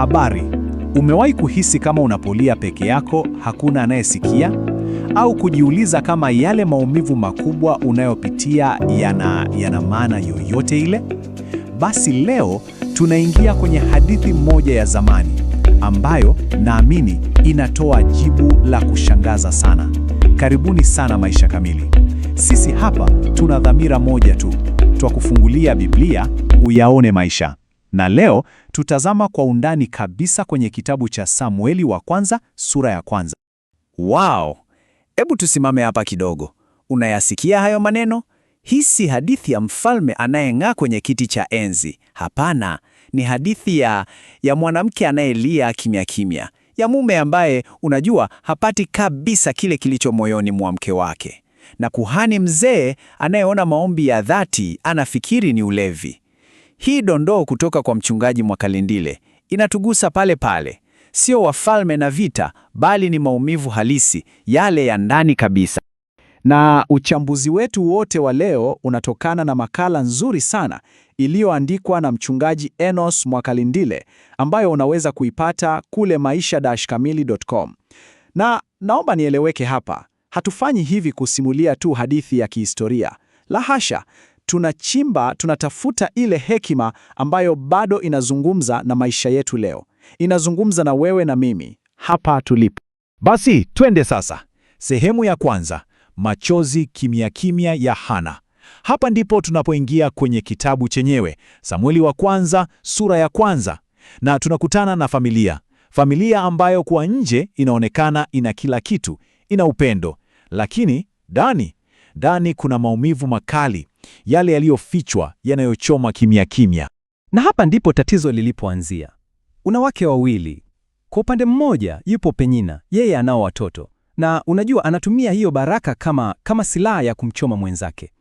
Habari. Umewahi kuhisi kama unapolia peke yako, hakuna anayesikia? Au kujiuliza kama yale maumivu makubwa unayopitia yana yana maana yoyote ile? Basi leo tunaingia kwenye hadithi moja ya zamani ambayo naamini inatoa jibu la kushangaza sana. Karibuni sana Maisha Kamili. Sisi hapa tuna dhamira moja tu, twakufungulia Biblia uyaone maisha. Na leo tutazama kwa undani kabisa kwenye kitabu cha Samueli wa kwanza sura ya kwanza. Wow! Hebu tusimame hapa kidogo. Unayasikia hayo maneno? Hii si hadithi ya mfalme anayeng'aa kwenye kiti cha enzi. Hapana, ni hadithi ya ya mwanamke anayelia kimya kimya, ya mume ambaye unajua hapati kabisa kile kilicho moyoni mwa mke wake, na kuhani mzee anayeona maombi ya dhati anafikiri ni ulevi. Hii dondoo kutoka kwa mchungaji Mwakalindile inatugusa pale pale, sio wafalme na vita, bali ni maumivu halisi yale ya ndani kabisa. Na uchambuzi wetu wote wa leo unatokana na makala nzuri sana iliyoandikwa na mchungaji Enos Mwakalindile ambayo unaweza kuipata kule maisha-kamili.com. Na naomba nieleweke hapa, hatufanyi hivi kusimulia tu hadithi ya kihistoria. La hasha, tunachimba, tunatafuta ile hekima ambayo bado inazungumza na maisha yetu leo, inazungumza na wewe na mimi hapa tulipo. Basi twende sasa, sehemu ya kwanza, machozi kimya kimya ya Hana. Hapa ndipo tunapoingia kwenye kitabu chenyewe, Samueli wa kwanza sura ya kwanza, na tunakutana na familia, familia ambayo kwa nje inaonekana ina kila kitu, ina upendo, lakini ndani ndani kuna maumivu makali, yale yaliyofichwa yanayochoma kimya kimya. Na hapa ndipo tatizo lilipoanzia. Unawake wawili, kwa upande mmoja yupo Penina, yeye anao watoto na unajua anatumia hiyo baraka kama, kama silaha ya kumchoma mwenzake.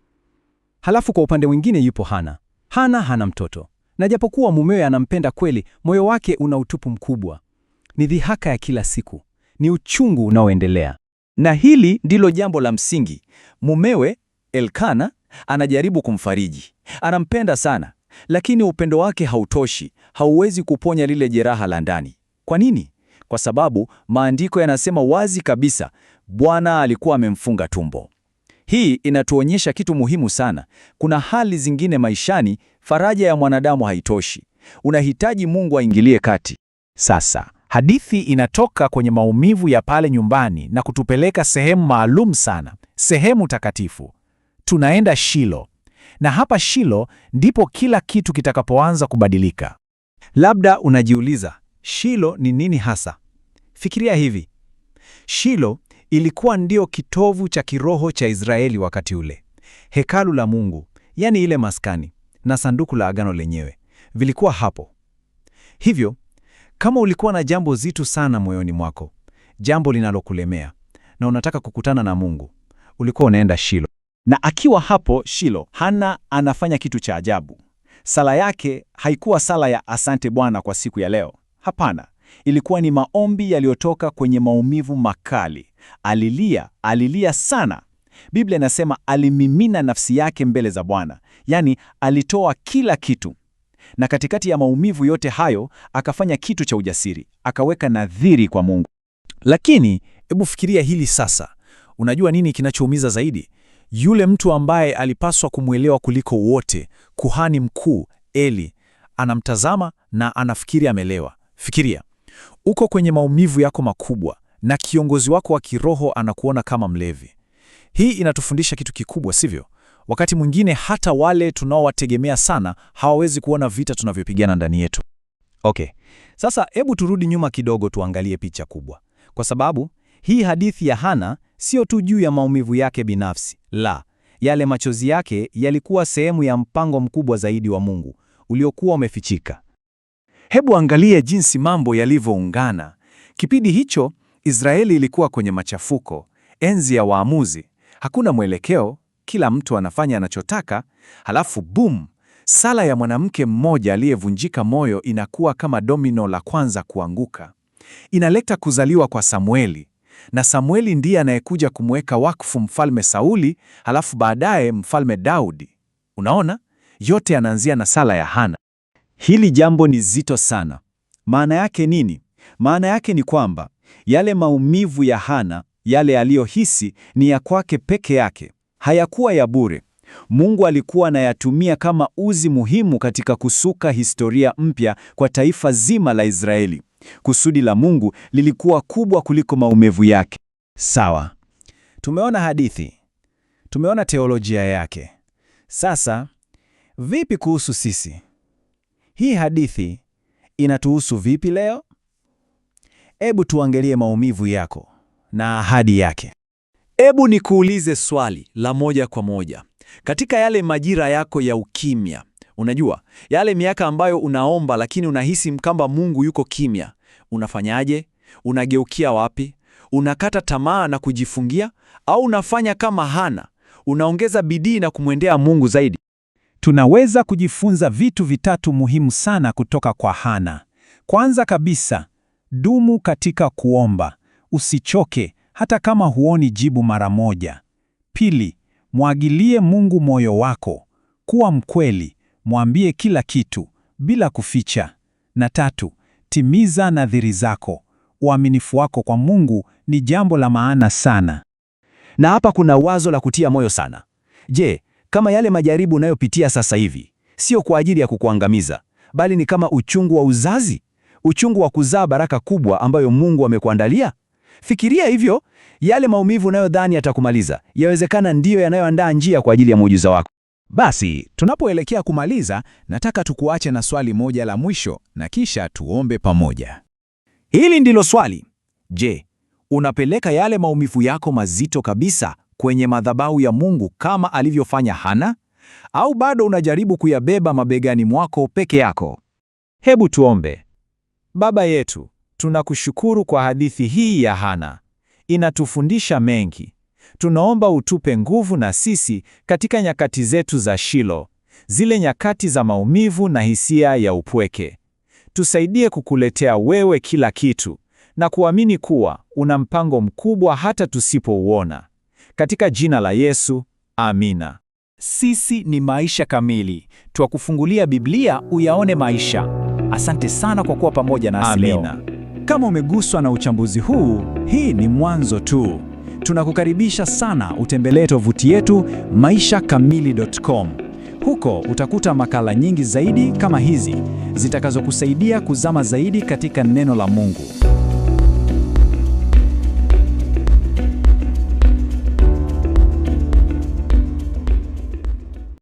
Halafu kwa upande mwingine yupo Hana. Hana hana mtoto na japokuwa mumewe anampenda kweli, moyo wake una utupu mkubwa. Ni dhihaka ya kila siku, ni uchungu unaoendelea, na hili ndilo jambo la msingi. Mumewe Elkana Anajaribu kumfariji, anampenda sana, lakini upendo wake hautoshi, hauwezi kuponya lile jeraha la ndani. Kwa nini? Kwa sababu maandiko yanasema wazi kabisa, Bwana alikuwa amemfunga tumbo. Hii inatuonyesha kitu muhimu sana. Kuna hali zingine maishani, faraja ya mwanadamu haitoshi, unahitaji Mungu aingilie kati. Sasa hadithi inatoka kwenye maumivu ya pale nyumbani na kutupeleka sehemu maalum sana, sehemu takatifu tunaenda Shilo, na hapa Shilo ndipo kila kitu kitakapoanza kubadilika. Labda unajiuliza Shilo ni nini hasa? Fikiria hivi, Shilo ilikuwa ndio kitovu cha kiroho cha Israeli wakati ule. Hekalu la Mungu, yani ile maskani, na sanduku la agano lenyewe vilikuwa hapo. Hivyo kama ulikuwa na jambo zito sana moyoni mwako, jambo linalokulemea na unataka kukutana na Mungu, ulikuwa unaenda Shilo. Na akiwa hapo Shilo, Hana anafanya kitu cha ajabu. Sala yake haikuwa sala ya asante Bwana kwa siku ya leo. Hapana, ilikuwa ni maombi yaliyotoka kwenye maumivu makali. Alilia, alilia sana. Biblia inasema alimimina nafsi yake mbele za Bwana, yaani alitoa kila kitu. Na katikati ya maumivu yote hayo akafanya kitu cha ujasiri, akaweka nadhiri kwa Mungu. Lakini hebu fikiria hili sasa. Unajua nini kinachoumiza zaidi? Yule mtu ambaye alipaswa kumwelewa kuliko wote, kuhani mkuu Eli, anamtazama na anafikiri amelewa. Fikiria, uko kwenye maumivu yako makubwa na kiongozi wako wa kiroho anakuona kama mlevi. Hii inatufundisha kitu kikubwa, sivyo? Wakati mwingine hata wale tunaowategemea sana hawawezi kuona vita tunavyopigana ndani yetu. Okay, sasa hebu turudi nyuma kidogo, tuangalie picha kubwa, kwa sababu hii hadithi ya Hana sio tu juu ya maumivu yake binafsi. La, yale machozi yake yalikuwa sehemu ya mpango mkubwa zaidi wa Mungu uliokuwa umefichika. Hebu angalia jinsi mambo yalivyoungana. Kipindi hicho Israeli ilikuwa kwenye machafuko, enzi ya waamuzi, hakuna mwelekeo, kila mtu anafanya anachotaka. Halafu boom, sala ya mwanamke mmoja aliyevunjika moyo inakuwa kama domino la kwanza kuanguka. Inaleta kuzaliwa kwa Samueli, na Samueli ndiye anayekuja kumweka wakfu mfalme Sauli, halafu baadaye mfalme Daudi. Unaona, yote yanaanzia na sala ya Hana. Hili jambo ni zito sana. Maana yake nini? Maana yake ni kwamba yale maumivu ya Hana, yale aliyohisi, ni ya kwake peke yake, hayakuwa ya bure. Mungu alikuwa anayatumia kama uzi muhimu katika kusuka historia mpya kwa taifa zima la Israeli. Kusudi la Mungu lilikuwa kubwa kuliko maumivu yake. Sawa, tumeona hadithi, tumeona teolojia yake. Sasa vipi kuhusu sisi? Hii hadithi inatuhusu vipi leo? Ebu tuangalie maumivu yako na ahadi yake. Ebu nikuulize swali la moja kwa moja. Katika yale majira yako ya ukimya, unajua yale miaka ambayo unaomba lakini unahisi kama Mungu yuko kimya, unafanyaje? Unageukia wapi? Unakata tamaa na kujifungia, au unafanya kama Hana, unaongeza bidii na kumwendea Mungu zaidi? Tunaweza kujifunza vitu vitatu muhimu sana kutoka kwa Hana. Kwanza kabisa, dumu katika kuomba, usichoke hata kama huoni jibu mara moja. Pili, Mwagilie Mungu moyo wako, kuwa mkweli, mwambie kila kitu bila kuficha. Na tatu, timiza nadhiri zako. Uaminifu wako kwa Mungu ni jambo la maana sana. Na hapa kuna wazo la kutia moyo sana. Je, kama yale majaribu unayopitia sasa hivi sio kwa ajili ya kukuangamiza, bali ni kama uchungu wa uzazi, uchungu wa kuzaa baraka kubwa ambayo Mungu amekuandalia? Fikiria hivyo, yale maumivu unayodhani yatakumaliza yawezekana ndiyo yanayoandaa njia kwa ajili ya muujiza wako. Basi tunapoelekea kumaliza, nataka tukuache na swali moja la mwisho na kisha tuombe pamoja. Hili ndilo swali: Je, unapeleka yale maumivu yako mazito kabisa kwenye madhabahu ya Mungu kama alivyofanya Hana, au bado unajaribu kuyabeba mabegani mwako peke yako? Hebu tuombe. Baba yetu Tunakushukuru kwa hadithi hii ya Hana, inatufundisha mengi. Tunaomba utupe nguvu na sisi katika nyakati zetu za Shilo, zile nyakati za maumivu na hisia ya upweke. Tusaidie kukuletea wewe kila kitu na kuamini kuwa una mpango mkubwa hata tusipouona. Katika jina la Yesu, amina. Sisi ni Maisha Kamili, twakufungulia Biblia uyaone maisha. Asante sana kwa kuwa pamoja nasi leo. Amina. Kama umeguswa na uchambuzi huu, hii ni mwanzo tu. Tunakukaribisha sana utembelee tovuti yetu maishakamili.com. Huko utakuta makala nyingi zaidi kama hizi zitakazokusaidia kuzama zaidi katika neno la Mungu.